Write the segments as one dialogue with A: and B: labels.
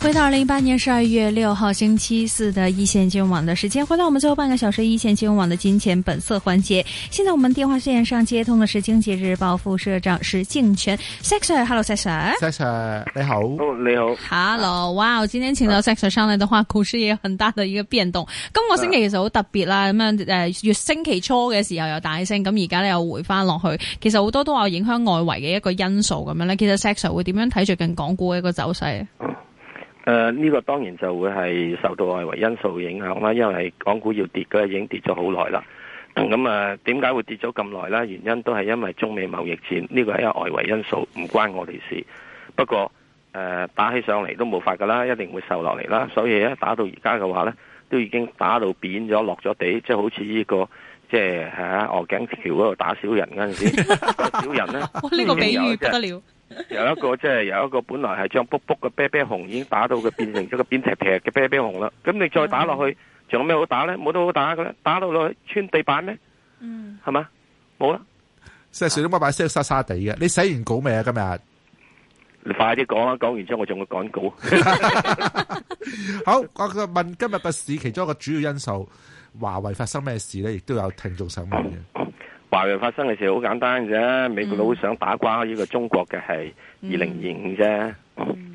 A: 回到二零一八年十二月六號星期四的一線金融網的時間，回到我們最後半個小時一線金融網的金錢本色環節。現在我們電話線上接通的是《經濟日報》副社長石敬全。s e r h e l l o s e r s e r
B: 你好，oh, 你
A: 好，Hello，哇，我今天請到 s e r 上來的話股事也有很大的一個變動。今個星期其實好特別啦，咁樣誒，月、呃、星期初嘅時候又大升，咁而家咧又回翻落去。其實好多都話影響外圍嘅一個因素咁樣咧。其實 s e r 會點樣睇最近港股嘅一個走勢？誒、呃、呢、這個當然就會係受到外圍因素影響啦，因為港股要跌嘅，已經跌咗好耐啦。咁、嗯、啊，點解、呃、會跌咗咁耐咧？原因都係因為中美貿易戰，呢、這個係一個外圍因素，唔關我哋事。不過誒、呃，打起上嚟都冇法噶啦，一定會受落嚟啦。所以咧、啊，打到而家嘅話咧，都已經打到扁咗、落咗地，即係好似呢、這個即係喺鵝頸橋嗰度打小人嗰陣時， 小人呢，呢、這個比喻不得了。有一個即係、就是、有一個本來係將卜卜嘅啤啤熊已經打到佢變成咗個扁踢踢嘅啤啤熊啦，咁你再打落去仲有咩好打咧？冇得好打嘅，啦，打到落去穿地板咧，嗯，係嘛，冇啦，即
B: 係碎到乜鬼聲沙沙地嘅。你寫完稿未啊？今日
A: 你快啲講啦，講完之後我仲會趕稿。 好，我問
B: 今日嘅市其中一個主要因素，華為發生咩事咧？亦都有聽眾想問嘅。
A: 華為發生嘅事好簡單嘅啫，美國佬好想打瓜呢個中國嘅係二零二五啫，係、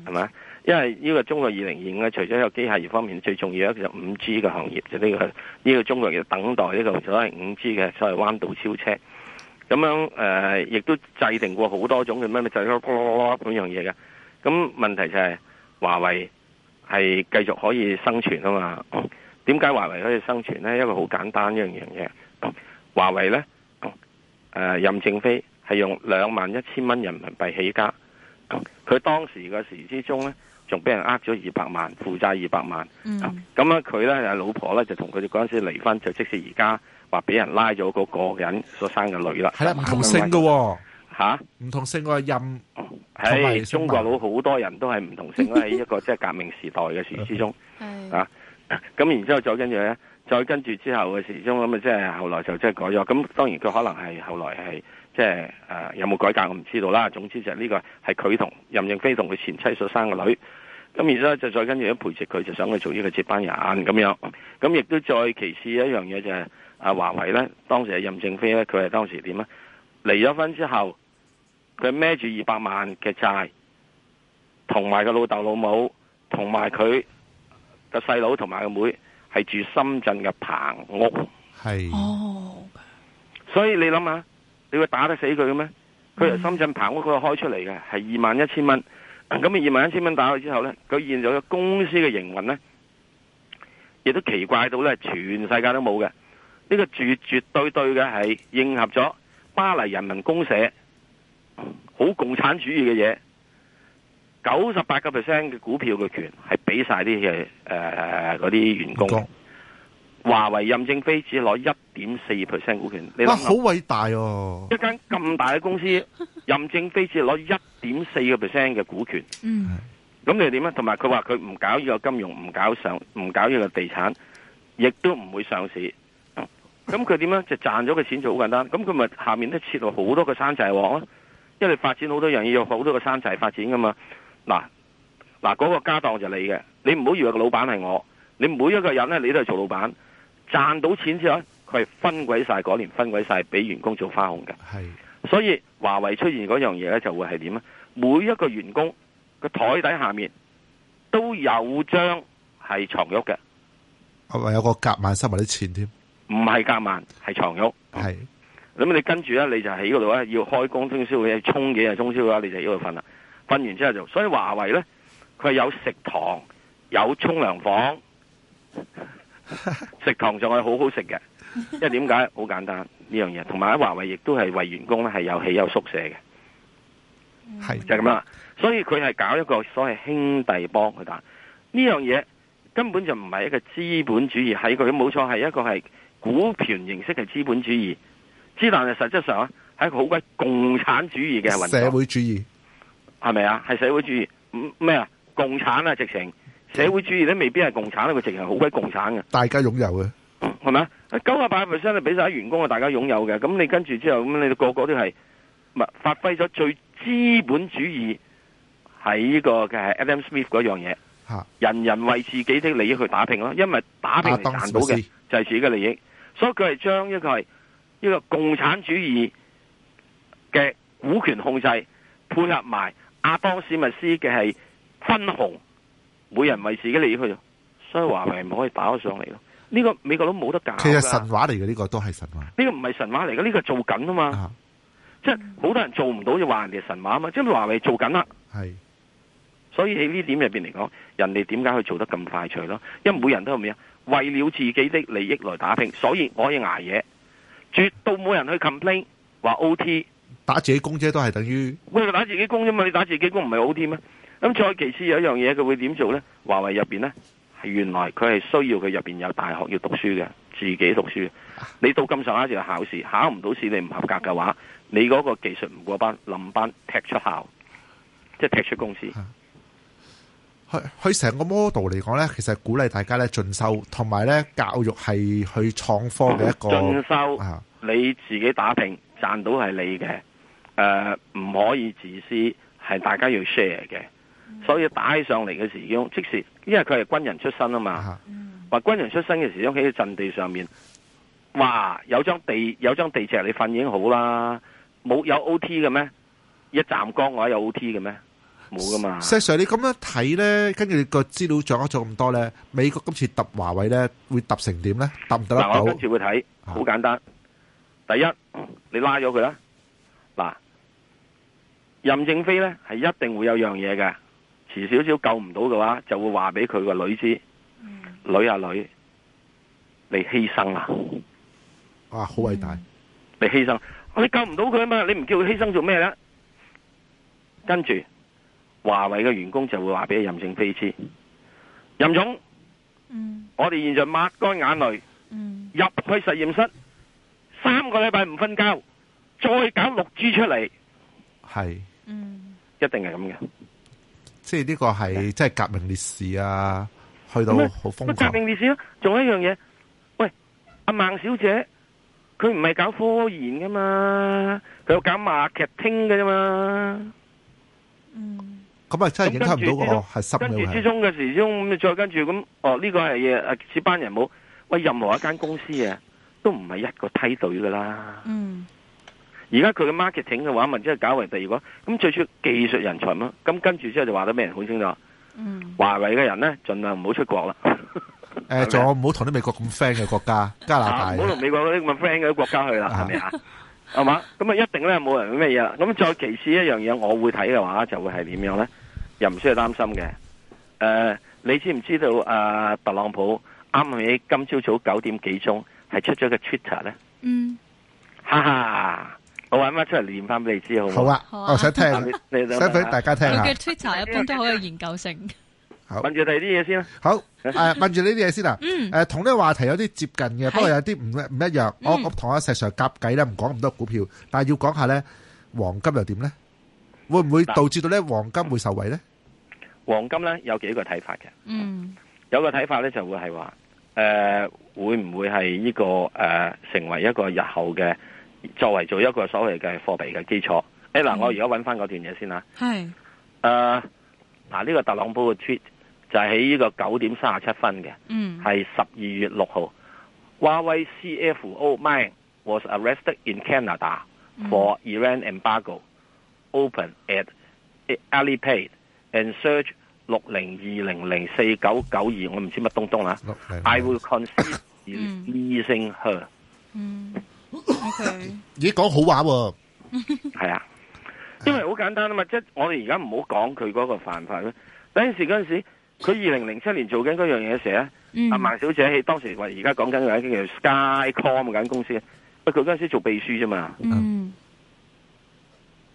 A: 嗯、咪？因為呢個中國二零二五咧，除咗有機械業方面最重要咧，其實五 G 嘅行業就呢個呢個中國等待呢個所謂五 G 嘅所謂彎道超車。咁樣誒，亦、呃、都制定過好多種嘅咩咩，就咁樣咁樣嘢嘅。咁問題就係華為係繼續可以生存啊嘛？點解華為可以生存咧？一個好簡單一樣嘢，華為咧。誒、呃，任正非係用兩萬一千蚊人民幣起家，佢當時嘅時之中咧，仲俾人呃咗二百萬，負債二百萬。嗯。咁啊，佢咧，老婆咧就同佢嗰陣時離婚，就即使而家話俾人拉咗嗰個人所生嘅女啦。係啦，唔同姓噶吓、哦，唔、啊、同姓喎，任喺、啊、中國佬好多人都係唔同姓，喺 一個即係革命時代嘅時之中。哎、啊，咁、啊、然之後再跟住咧。再跟住之後嘅時鐘咁啊，即係後來就即係改咗。咁當然佢可能係後來係即係誒、啊、有冇改革，我唔知道啦。總之就係呢個係佢同任正非同佢前妻所生嘅女。咁而家就再跟住一陪植佢，就想去做呢個接班人咁樣。咁亦都再其次一樣嘢就係、是、阿、啊、華為咧，當時係任正非咧，佢係當時點咧？離咗婚之後，佢孭住二百萬嘅債，同埋個老豆老母，同埋佢個細佬同埋個妹。係住深圳嘅棚屋，係，所以你諗下，你會打得死佢嘅咩？佢係深圳棚屋嗰度開出嚟嘅，係二萬一千蚊。咁啊，二萬一千蚊打咗之後呢，佢現咗個公司嘅營運呢，亦都奇怪到呢，全世界都冇嘅。呢個絕絕對對嘅係應合咗巴黎人民公社好共產主義嘅嘢。九十八個 percent 嘅股票嘅權係俾晒啲嘅誒嗰啲員工。華為任正非只攞一點四 percent 股權，你想想哇，好
B: 偉大哦！一
A: 間咁大嘅公司， 任正非只攞一點四個 percent 嘅股權。嗯，咁佢點咧？同埋佢話佢唔搞呢個金融，唔搞上，唔搞呢個地產，亦都唔會上市。咁佢點咧？就賺咗個錢就好簡單。咁佢咪下面都設立好多嘅山寨王，因為發展好多樣嘢，有好多嘅山寨發展噶嘛。嗱嗱，嗰個家當就你嘅，你唔好以為個老闆係我，你每一個人咧，你都係做老闆，賺到錢之後，佢係分鬼晒嗰年分，分鬼晒俾員工做花紅嘅。係，所以華為出現嗰樣嘢咧，就會係點啊？每一個員工個台底下面都有張係床褥嘅，
B: 係咪有個夾萬收埋啲錢添？
A: 唔係夾萬，係床褥。係，咁你跟住咧，你就喺呢度咧，要開工通宵嘅，冲幾啊，通宵嘅話，你就喺呢度瞓啦。瞓完之後就，所以華為呢佢係有食堂，有沖涼房， 食堂仲係好好食嘅。因為點解好簡單呢樣嘢？同埋喺華為亦都係為員工咧係有起有宿舍嘅，係就係咁樣，所以佢係搞一個所謂兄弟幫佢打呢樣嘢，這個、東西根本就唔係一個資本主義喺佢冇錯係一個係股權形式嘅資本主義，之但係實質上咧係一個好鬼共產主義嘅社會主義。係咪啊？係社會主義咩啊？共產啊，直情社會主義咧，未必係共產咧，佢直情好鬼共產嘅，
B: 大家擁有嘅，
A: 係咪啊？九十八 percent 你俾晒員工啊，大家擁有嘅，咁你跟住之後咁，咁你個個都係係發揮咗最資本主義係呢個嘅 Adam Smith 嗰樣嘢，吓、啊，人人為自己的利益去打拼咯，因為打拼嚟到嘅就係自己嘅利益，所以佢係將一個係一個共產主義嘅股權控制配合埋。亞當史密斯嘅係分紅，每人為自己利益去，所以華為咪可以打咗上嚟咯。呢、這個美國都冇得揀。其實
B: 神話嚟嘅，呢個都係神話。
A: 呢、這個唔係神話嚟嘅，呢、這個做緊啊嘛。即係好多人做唔到就話人哋神話啊嘛，即係華為做緊啦。係。所以喺呢點入邊嚟講，人哋點解佢做得咁快脆咯？因為每人都有咩呀？為了自己的利益來打拼，所以我可以挨嘢，絕對冇人去 complain 話 OT。
B: 打自己工啫，都係等於
A: 喂，佢打自己工啫嘛，你打自己工唔係好添咩？咁再其次有一樣嘢，佢會點做咧？華為入邊咧，係原來佢係需要佢入邊有大學要讀書嘅，自己讀書。你到咁上下就考試，考唔到試你唔合格嘅話，你嗰個技術唔過班，臨班踢出校，即係踢出公司。啊
B: 佢成個 model 嚟講咧，其實鼓勵大家咧進修，同埋咧教育係去創科嘅一個進
A: 修，啊。你自己打拼賺到係你嘅，誒、呃、唔可以自私，係大家要 share 嘅。所以打起上嚟嘅時候，即係因為佢係軍人出身啊嘛，話軍人出身嘅時候喺個陣地上面，話有張地有張地蓆你瞓已經好啦，冇有，有 OT 嘅咩？一站崗我有 OT 嘅咩？冇噶
B: 嘛，石 Sir，你咁樣睇咧，跟住你個資料掌握咗咁多咧，美國今次揼華為咧，會揼成點咧？揼唔到啦。我今次
A: 會睇，好簡單。第一，你拉咗佢啦。嗱，任正非咧係一定會有樣嘢嘅，遲少少救唔到嘅話，就會話俾佢個女知，女啊女，你犧牲啦。哇，好偉大，你犧牲。你救唔到佢啊嘛，你唔叫佢犧牲做咩咧？跟住。華為嘅員工就會話俾任正非知，任總，嗯，我哋現在抹乾眼淚，嗯，入去實驗室，三個禮拜唔瞓覺，再搞六 G 出嚟。係，嗯，一定係咁嘅，
B: 即係呢個係即係革命烈士啊，去到好瘋狂，革
A: 命烈士啊，仲有一樣嘢。喂，阿、啊、孟小姐，佢唔係搞科研噶嘛，佢要搞 marketing 噶啫嘛。嗯
B: 咁啊，真係影響唔到、那個十跟住之
A: 中嘅、哦、時中，再跟住咁，哦呢、這個係誒接班人冇喂，任何一間公司嘅 都唔係一個梯隊嘅啦。嗯，而家佢嘅 marketing 嘅話，咪即係搞為第二個。咁最主要技術人才咯，咁跟住之後就話得咩人好清楚。嗯，華為嘅人咧，儘量唔好出國啦。
B: 誒、嗯，仲唔好同啲美國咁 friend 嘅國家 加拿大。唔好
A: 同美國啲咁 friend 嘅國家去啦，係咪啊？係嘛？咁啊， 一定咧冇人咩嘢啦。咁再其次一樣嘢，我會睇嘅話，就會係點樣咧？嗯又唔需要擔心嘅。誒，你知唔知道阿特朗普啱啱喺今朝早九點幾鐘係出咗個 Twitter 咧？嗯，哈哈，我搵翻出嚟念翻俾你知好唔好？好啊，好啊，想聽，想俾大家聽下。佢嘅
C: Twitter 一般都好有研究性。
A: 問住第二啲嘢先啦。好，
B: 誒，問住呢啲嘢先啦。嗯。誒，同呢個話題有啲接近嘅，不過有啲唔唔一樣。我我同阿石 Sir 夾計啦，唔講咁多股票，但係要講下咧，黃金又點咧？會唔會導致到咧黃金會
A: 受惠咧？黃金咧有幾個睇法嘅，mm. 有個睇法咧就會係話，誒、呃、會唔會係呢、這個、呃、成為一個日後嘅作為做一個所謂嘅貨幣嘅基礎？嗱、欸，mm. 我而家揾翻嗰段嘢先啦。係、mm. 呃，嗱、啊、呢、這個特朗普嘅 tweet 就喺呢個九點三十七分嘅，係十二月六號，Huawei CFO Meng was arrested in Canada for Iran embargo open at Alipay。And search 六零二零零四九九二，我唔知乜東東啦、啊。No, no, no, no. I will consider using her、mm. okay。咦， 講好話喎、啊，係 啊，因為好簡單啊嘛，即係我哋而家唔好講佢嗰個犯法咧。等時嗰陣時，佢二零零七年做緊嗰樣嘢嘅時候阿、mm. 啊、孟小姐喺當時話，而家講緊嘅一間叫做 Skycom 嗰間公司，不過佢嗰陣時做秘書啫嘛。Mm. 嗯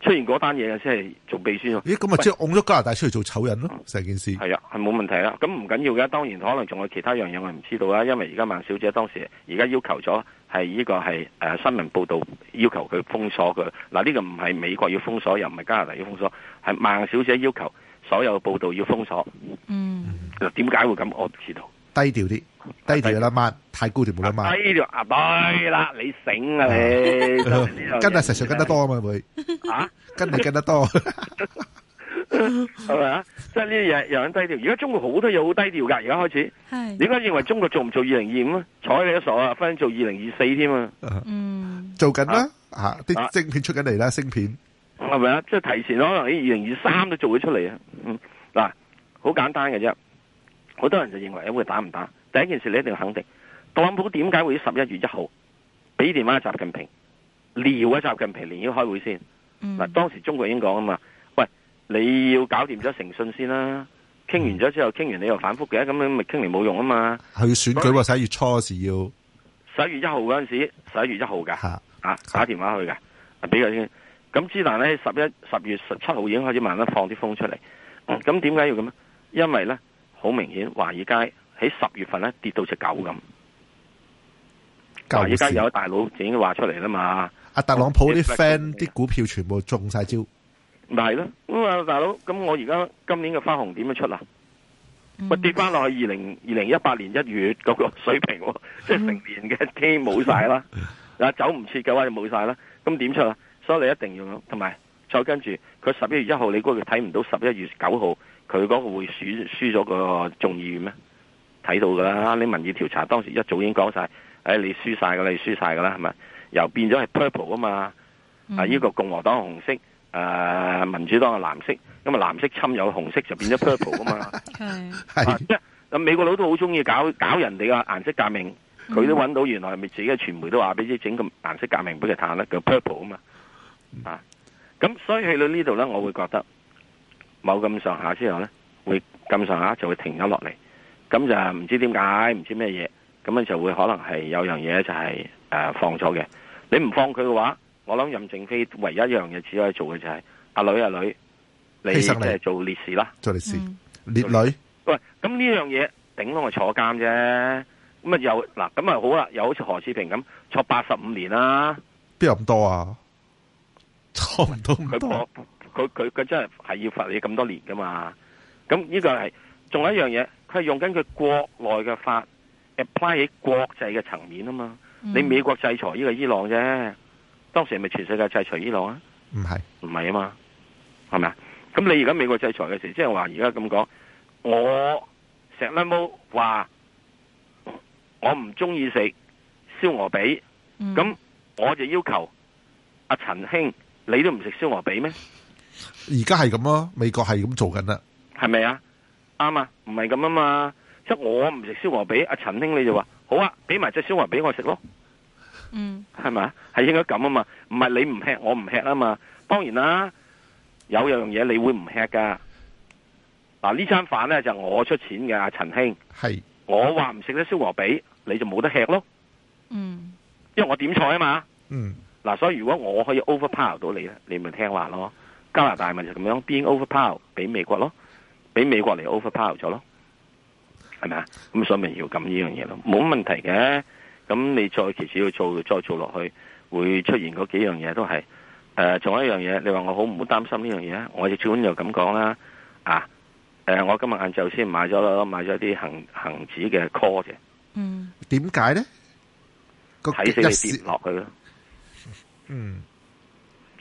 A: 雖然嗰單嘢即係做秘書咦，咁啊，即係按
B: 咗加拿大出嚟做醜人咯，成件事。
A: 係啊，係冇問題啦。咁唔緊要嘅，當然可能仲有其他樣嘢我唔知道啦。因為而家孟小姐當時而家要求咗，係呢個係誒新聞報道要求佢封鎖佢。嗱、呃、呢、呢個唔係美國要封鎖，又唔係加拿大要封鎖，係孟小姐要求所有報道要封鎖。嗯。嗱，點解會咁？我不知道。
B: 低調啲，低調啦，嘛，太高調就冇得慢。低
A: 調啊，對啦，你醒啊，跟啊，實上跟得多啊嘛，會啊，
B: 跟咪跟得多，
A: 係咪啊？即係呢啲嘢又很低調。而家中國好多嘢好低調噶，而家開始，你應該認為中國做唔做二零二五啊？睬你都傻啊，反而做二零二四添啊。嗯，做緊啦，吓啲
B: 晶片出緊嚟啦，晶片
A: 係咪啊？即係提前可能你二零二三都做咗出嚟啊。嗯，嗱，好簡單嘅啫。好多人就認為會打唔打？第一件事你一定要肯定，特朗普點解會十一月一號俾電話習近平？撩咗習近平，連要開會先。嗱、嗯，當時中國已經講啊嘛，喂，你要搞掂咗誠信先啦、啊。傾完咗之後，傾完你又反覆嘅，咁樣咪傾完冇用啊嘛。
B: 去、啊、選舉喎、啊，十一月初時要。
A: 十一月一號嗰陣時，十一月一號噶。吓、啊，啊，打電話去嘅，俾佢先。咁之但咧，十一十月十七號已經開始慢慢放啲風出嚟。咁點解要咁？因為咧。好明顯華爾街喺十月份咧跌到隻狗咁，華家街有大佬自己話出嚟啦嘛，阿、啊、特朗普啲 friend 啲
B: 股票全部中晒招，
A: 唔係咯，咁、嗯、啊大佬，咁我而家今年嘅花紅點樣出啊？我、嗯、跌翻落去二零二零一八年一月嗰個水平，即、嗯、係 成年嘅基冇晒啦，啊 走唔切嘅話就冇晒啦，咁點出啊？所以你一定咁同埋再跟住佢十一月一號，你估佢睇唔到十一月九號。佢嗰個會輸輸咗個眾議院咩？睇到噶啦，你民意調查當時一早已經講晒，誒、哎，你輸晒噶啦，你輸晒噶啦，係咪？又變咗係 purple 嘛，嗯、啊嘛？
C: 啊，呢個
A: 共和黨紅色，誒，民主黨嘅藍色，咁啊，藍色侵有紅色就變咗 purple 啊嘛？
C: 係，
A: 係，咁美國佬都好中意搞搞人哋嘅顏色革命，佢都揾到原來係咪自己嘅傳媒都話俾你整個顏色革命俾佢彈啦，叫 purple 啊嘛？啊，咁所以去到呢度咧，我會覺得。冇咁上下之後咧，會咁上下就會停咗落嚟。咁就唔知點解，唔知咩嘢，咁就會可能係有樣嘢就係、是、誒、呃、放咗嘅。你唔放佢嘅話，我諗任正非唯一一樣嘢只可以做嘅就係、是、阿、啊、女阿、啊、女，你即係做烈士啦，做烈士、嗯、烈女。喂，咁呢樣嘢頂多係坐監啫。咁啊又，嗱，咁啊好啦，又好似何志平咁坐八十五年啦，
B: 邊有咁多啊？坐唔到咁多。
A: 佢佢佢真係係要罰你咁多年噶嘛？咁呢個係仲有一樣嘢，佢係用緊佢國內嘅法 apply 喺國際嘅層面啊嘛、嗯。你美國制裁呢個伊朗啫，當時係咪全世界制裁伊朗啊？唔係唔係啊嘛，係咪啊？咁你而家美國制裁嘅時候，即係話而家咁講，我石蘭毛話我唔中意食燒鵝髀，咁、嗯、我就要求阿陳兄，你都唔食燒鵝髀咩？
B: 而家係咁咯，美國係咁做緊啦，
A: 係咪啊？啱啊，唔係咁啊嘛。即係我唔食燒鵝髀，阿陳兄你就話好啊，俾埋隻燒鵝髀我食咯。嗯，係咪啊？係應該咁啊嘛，唔係你唔吃我唔吃啊嘛。當然啦、啊，有樣嘢你會唔吃噶。嗱、啊、呢餐飯咧就是、我出錢嘅，阿陳兄係我話唔食得燒鵝髀，你就冇得吃咯。嗯，因為我點菜啊嘛。嗯，嗱、啊，所以如果我可以 overpower 到你咧，你咪聽話咯。加拿大咪就咁樣，being overpower 俾美國咯，俾美國嚟 overpower 咗咯，係咪啊？咁所以咪要咁呢樣嘢咯，冇問題嘅。咁你再其次要做，再做落去，會出現嗰幾樣嘢都係。誒、呃，仲有一樣嘢，你話我好唔好擔心呢樣嘢啊？我就超穩就咁講啦，啊，誒、呃，我今日晏晝先買咗咯，買咗啲恒恒指嘅 call 嘅。嗯。
B: 點解咧？
A: 睇死你跌落去咯。
B: 嗯。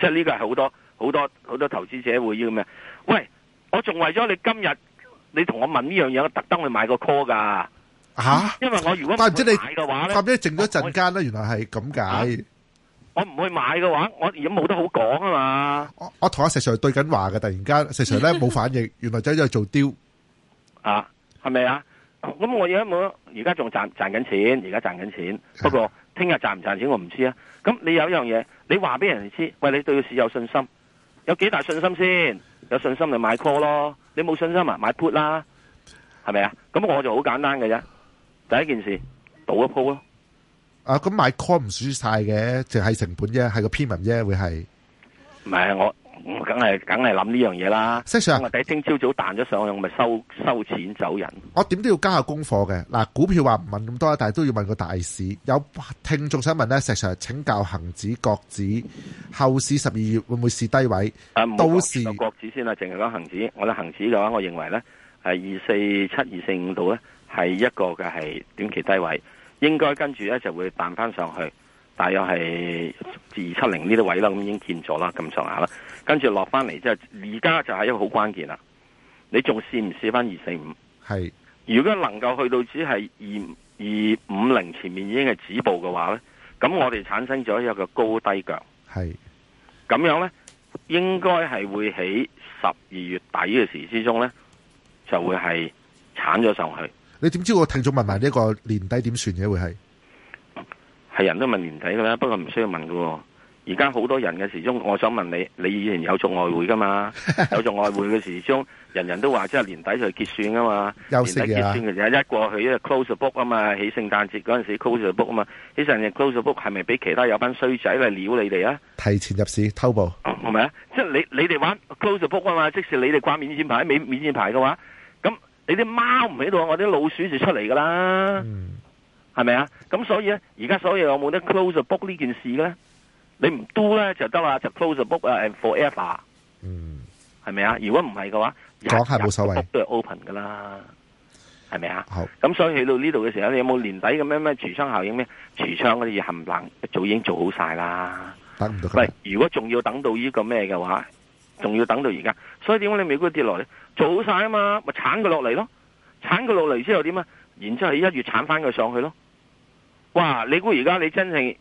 A: 即係呢個係好多。好多好多投資者會要個咩？喂！我仲為咗你今日，你同我問呢樣嘢，我特登去買個 call 噶吓、啊？因為我如果唔知你買嘅話咧，
B: 或靜咗陣間咧，原來係咁解。
A: 我唔去買嘅話，我而家冇得好講啊嘛。我
B: 我同阿石 Sir 對緊話嘅，突然間石 Sir 咧冇反應， 原來走咗去做雕！
A: 啊？係咪啊？咁我而家冇，而家仲賺賺緊錢，而家賺緊錢。不過聽日賺唔賺錢我唔知啊。咁你有一樣嘢，你話俾人知，喂！你對個市有信心。有幾大信心先？有信心咪買 call 咯，你冇信心啊，買 put 啦，係咪啊？咁我就好簡單嘅啫，第一件事賭一鋪咯。
B: 啊，咁買 call 唔輸晒嘅，淨係成本啫，係個篇文啫，會係。
A: 唔係啊，我。咁梗係梗係諗呢樣嘢啦，石 s 我哋聽朝早彈咗上去，我咪收收錢走人。
B: 我點都要加下功課嘅嗱，股票話唔問咁多，但係都要問個大市。有聽眾想問咧，石 s i 請教恒指、國指後市十二月會唔會是低位？
A: 啊、到冇，都係國指先啦，淨係講恒指。我哋恒指嘅話，我認為咧係二四七二四五度咧係一個嘅係短期低位，應該跟住咧就會彈翻上去。大約係二七零呢啲位啦，咁已經見咗啦，咁上下啦，跟住落翻嚟之後而家就係一個好關鍵啦。你仲試唔試翻二四五？係如果能夠去到只係二二五零前面已經係止步嘅話咧，咁我哋產生咗一個高低腳。係咁樣咧，應該係會喺十二月底嘅時之中咧，就會係鏟咗上去。
B: 你點知我聽眾問埋呢個年底點算嘅會係？
A: 係人都問年底噶啦，不過唔需要問喎。而家好多人嘅時鐘，我想問你，你以前有做外匯噶嘛？有做外匯嘅時鐘， 人人都話即係年底就結算噶嘛？年
B: 底結算
A: 其實一過去，因為 close the book 啊嘛，起聖誕節嗰陣時 close the book 啊嘛，其實人哋 close the book 係咪俾其他有班衰仔嚟撩你哋啊？
B: 提前入市偷步，係
A: 咪啊？是是即係你你哋玩 close the book 啊嘛，即使你哋掛免戰牌，免免戰牌嘅話，咁你啲貓唔喺度，我啲老鼠就出嚟噶啦。嗯係咪啊？咁所以咧，而家所以有冇得 close the book 呢件事咧？你唔 do 咧，就得話就 close the book 啊 forever。嗯，係咪啊？如果唔係嘅話，講冇所謂，book 都係 open 噶啦。係咪啊？咁所以去到呢度嘅時候，你有冇年底嘅咩咩櫥窗效應咩櫥窗嗰啲嘢冚唪唥早已經做好晒啦。等唔到。唔係，如果仲要等到呢個咩嘅話，仲要等到而家。所以點解你美股跌落嚟？做好晒啊嘛，咪鏟佢落嚟咯。鏟佢落嚟之後點啊？然之後喺一月鏟翻佢上去咯。哇！你估而家你真正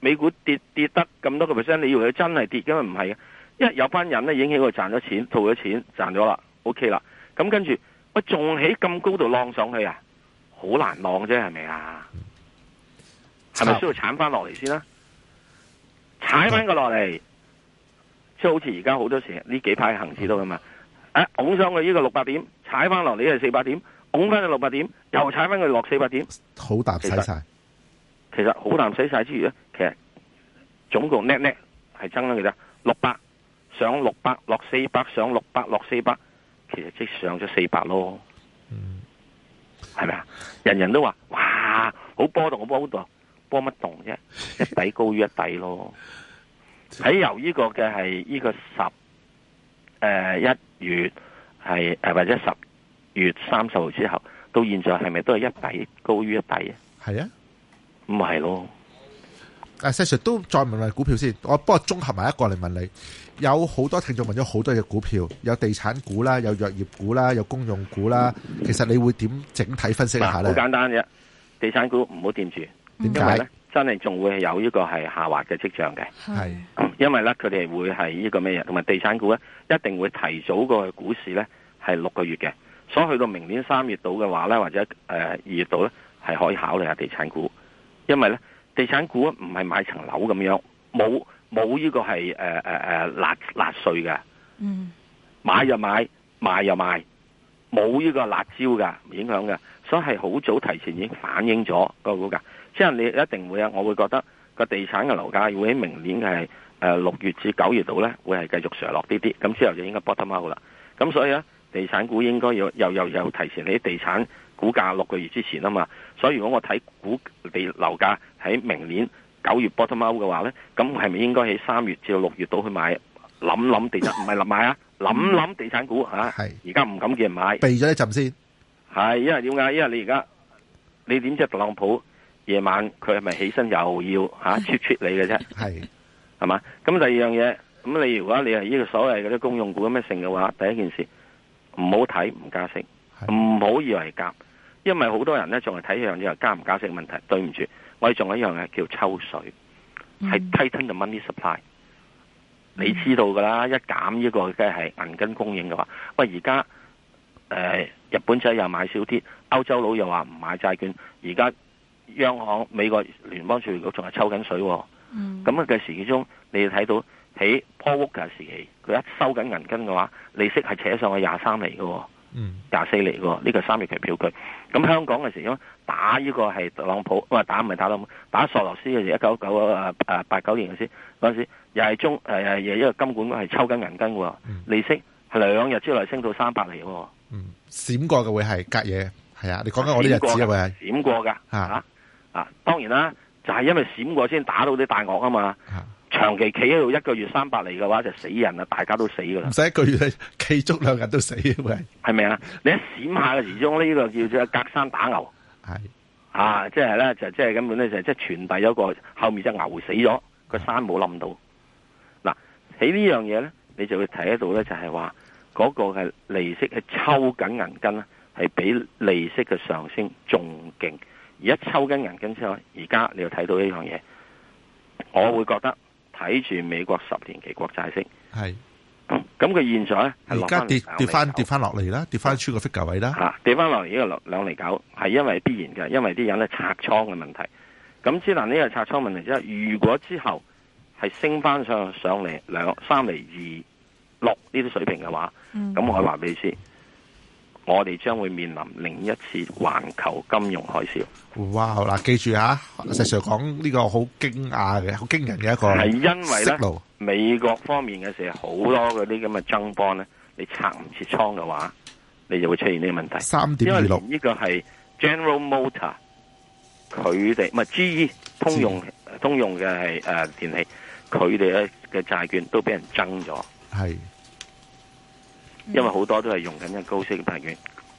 A: 美股跌跌得咁多個 percent，你要佢真係跌，㗎嘛？唔係，因為有班人咧，已經喺度賺咗錢，套咗錢，賺咗啦，OK 啦。咁跟住我仲喺咁高度浪上去啊，好難浪啫，係咪啊？係咪需要踩翻落嚟先啦？踩翻佢落嚟，即、okay. 係好似而家好多時呢幾排行市都咁啊。誒、哎，拱上去呢個六百點，踩翻落嚟呢係四百點，拱翻佢六百點，又踩翻佢落四百點，
B: 好踏踩晒。
A: 其實好難洗晒之餘咧，其實總共叻叻係增嘅啫，六百上六百落四百上六百落四百，其實即係上咗四百咯，係咪啊？人人都話哇，好波動，好波動，波乜動啫？一底高於一底咯。喺 由呢個嘅係呢個十誒、呃、一月係係或者十月三十號之後，到現在係咪都係一底高於一底啊？係啊。咁
B: 咪係咯，阿 Sir 都再問問股票先，我不過綜合埋一個嚟問你有好多聽眾問咗好多隻股票，有地產股啦，有藥業股啦，有公用股啦，其實你會點整體分析一下咧？好簡
A: 單啫，地產股唔好掂住，點解咧？真係仲會有呢個係下滑嘅跡象嘅，
C: 係，
A: 因為咧佢哋會係呢個咩嘢？同埋地產股咧，一定會提早個股市咧係六個月嘅，所以去到明年三月度嘅話咧，或者誒二月度咧係可以考慮下地產股。因為咧，地產股唔係買層樓咁樣，冇冇呢個係誒誒誒納納稅嘅，嗯，買就買，賣又賣，冇呢個辣椒嘅影響嘅，所以係好早提前已經反映咗個股價，即係你一定會啊，我會覺得個地產嘅樓價會喺明年係誒六月至九月度咧，會係繼續上落啲啲，咁之後就應該 bottom out 啦，咁所以咧，地產股應該要又又又提前你啲地產股價六個月之前啊嘛，所以如果我睇股地樓價喺明年九月 bottom out 嘅話咧，咁係咪應該喺三月至六月度去買諗諗地產，唔係諗買啊，諗諗地產股啊，係而家唔敢叫人買，
B: 避咗一陣先。
A: 係因為點解？因為你而家你點知特朗普夜晚佢係咪起身又要吓 check check 你嘅啫？係係嘛？咁第二樣嘢，咁你如果你係呢個所謂嗰啲公用股咁樣嘅話，第一件事唔好睇，唔加息，唔好以為夾。因為好多人咧，仲係睇一樣嘢，加唔加息嘅問題。對唔住，我哋仲有一樣嘢叫抽水，
C: 係、嗯、
A: tighten the money supply、嗯。
C: 你知
A: 道噶啦，一減呢、這個，梗係銀根供應嘅話，喂，而家誒，日本仔又買少啲，歐洲佬又話唔買債券，而家央行美國聯邦儲備局仲係抽緊水、哦。嗯，咁嘅時之中，你睇到喺坡屋嘅時期，佢一收緊銀根嘅話，利息係扯上去廿三厘嘅。嗯，廿四厘喎。呢、這個三月期票據。咁香港嘅時候打呢個係特朗普，哇打唔係打到打索羅斯嘅時候，一九九誒誒八九年嘅時候，嗰陣時又係中誒誒，呃、又一個金管局係抽緊銀根，利息係兩日之內升到三百厘。嗯，
B: 閃過嘅會係隔夜，係啊，你講緊我啲日子啊，喂係
A: 閃過噶吓啊，當然啦，就係、是、因為閃過先打到啲大鱷啊嘛。長期企喺度一個月三百厘嘅話就死人啦，大家都死噶啦，唔
B: 使一個月企足兩日都死嘅，
A: 係咪啊？你一閃一下嘅時鐘，呢個叫做隔山打牛，係 啊，即係咧就即係根本咧就即係傳遞咗個後面隻牛死咗，個山冇冧到。嗱 喺、啊、呢樣嘢咧，你就會睇得到咧，就係話嗰個係利息係抽緊銀根啦，係比利息嘅上升仲勁。而一抽緊銀根之後，而家你又睇到呢樣嘢，我會覺得。睇住美國十年期國債息，咁佢現在係而家跌跌翻
B: 跌翻落嚟啦，跌翻出個 figure 位啦，
A: 跌翻落嚟呢個兩釐九，係因為必然嘅，因為啲人咧拆倉嘅問題。咁之難呢個拆倉問題之後，如果之後係升翻上上嚟兩三釐二六呢啲水平嘅話，
B: 咁、嗯、我可以話
A: 俾你知。我哋將會面臨另一次環球金融海嘯。
B: 哇！嗱，記住啊，石 Sir 講呢個好驚訝嘅、好驚人嘅一個，係因為咧
A: 美國方面嘅時候好多嗰啲咁嘅 junk bond 咧，你拆唔切倉嘅話，你就會出現呢個問題。三點六因為呢個係 General Motor，佢哋唔係 GE 通用通用嘅係誒電器，佢哋嘅債券都俾人爭咗。係。因為好多都係用緊嘅高息嘅債券，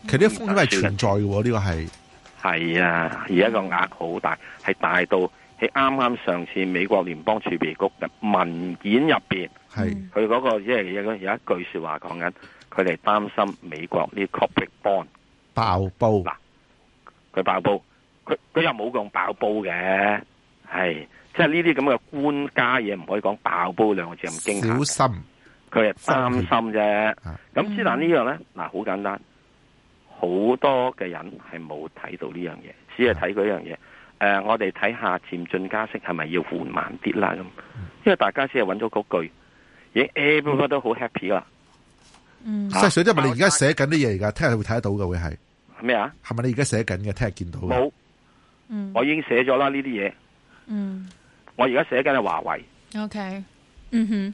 B: 其實啲風險係存在嘅，呢個係
A: 係啊，而家個額好大，係大到喺啱啱上次美國聯邦儲備局嘅文件入邊，係佢嗰個即係一有一句話說話講緊，佢哋擔心美國呢啲 corporate bond
B: 爆煲，嗱，
A: 佢爆煲，佢佢又冇講爆煲嘅，係即係呢啲咁嘅官家嘢，唔可以講爆煲兩個字咁驚嚇。小心。佢係擔心啫，咁、啊啊、之但呢樣咧，嗱、啊、好簡單，好、嗯、多嘅人係冇睇到呢樣嘢，只係睇佢嗰樣嘢。誒、呃，我哋睇下漸進加息係咪要緩慢啲啦？咁、嗯，因為大家先係揾咗嗰句，而 everybody 都好 happy 啦。嗯，
B: 細水，即係咪你而家寫
A: 緊啲嘢嚟噶？聽日會睇得到噶會係，係咩啊？
B: 係咪你而家寫緊嘅？聽日見到好，嗯，
A: 我已經寫咗啦呢啲嘢。嗯，我而家寫緊係華為。OK，嗯哼。